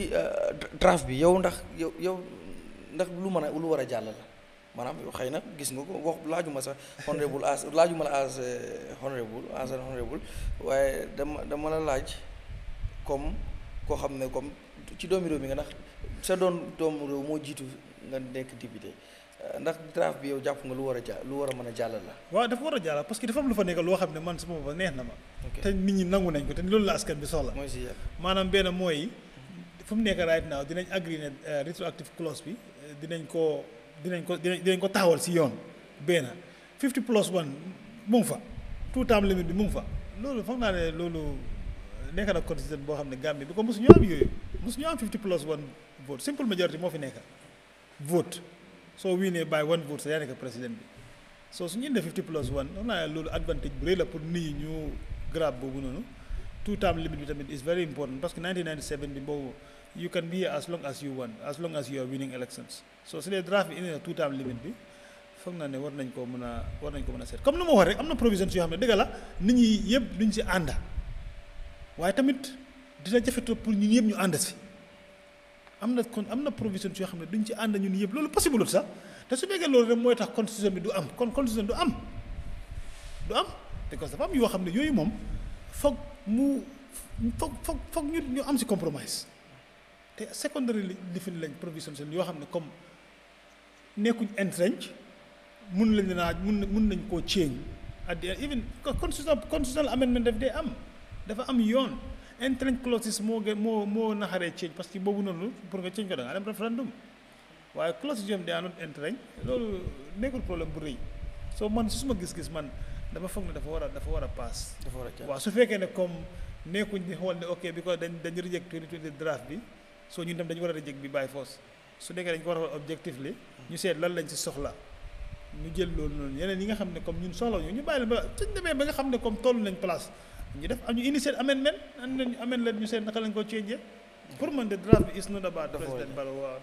Euh, draft bi yow ndax yow ndax lu mën a lu war a jàll la maanaam yow xëy na gis nga ko wax laajuma sax honorable as laajuma la as euh, honorable as honorable waaye dama dama la laaj comme koo xam ne comme ci doomi réew mi nga ndax sa doon doomu réew moo jiitu nga nekk député euh, ndax bi yow jàpp nga lu war a jàll lu war a mën a jàll la. waaw dafa war a jàll parce que dafa lu fa nekk loo xam ne man sama ba neex na ma. te nit ñi nangu nañ ko te loolu la askan bi soxla. mooy maanaam benn mooy. fu mu nekk right now dinañ agree ne euh, retroactive clause bi euh, dinañ ko dinañ ko dinañ ko taxawal si yoon benn 50 plus one mu ngi fa two term limit bi mu ngi fa loolu foog naa ne loolu euh, nekk na constitution boo xam ne Gambie bi ko mosu ñu am yooyu mosu ñu am 50 plus one vote simple majority moo fi nekk vote soo wiinee by one vote sa yaa nekk président bi soo su ñu indee 50 plus one foog naa ne loolu advantage bu rëy la pour nit ñu grab boobu noonu two term limit bi tamit is very important parce que 1997 bi boobu. you can be here as long as you want as long as you are winning elections so su dee draft bi indi na two term limit bi foog naa ne war nañ koo mën a war nañ ko mën a seet comme nu ma wax rek am na provisions yoo xam ne dëgg la nit ñi yëpp duñ si ànda waaye tamit dina jafetoo pour ñun yëpp ñu ànd si am na kon am na provisions yoo xam ne duñ ci ànd ñun yëpp loolu possible sax te su fekkee loolu rek mooy tax constitution bi du am kon constitution du am du am parce que dafa am yoo xam ne yooyu moom foog mu foog foog foog ñu ñu am si compromise. te secondary lifin lañ provisions yoo xam ne comme nekkuñ entrench mun lañ naa mun mun nañ koo change at the even constitutional constitutional amendment daf dee am dafa am yoon entrench clauses moo gën moo moo naxaree change parce que boobu noonu pour nga change ko da nga dem référendum waaye loolu nekkul problème bu soo man su suma gis-gis man dama foog ne dafa war a dafa war a paas. dafa war su fekkee ne comme nekkuñ di xool ne ok because dañ dañu reject 2020 draft bi. soo ñun tam dañu war a reject bi by force su nekkee dañ ko war a objectif li ñu seet lan lañ si soxla ñu jël loolu noonu yeneen yi nga xam ne comme ñun soxla ñu ñu bàyyi la ba suñ demee ba nga xam ne comme toll nañ place ñu def am ñu indi seen amendement am nañ ñu seet naka lañ ko changé pour man de draft bi is not about président Barrow waaw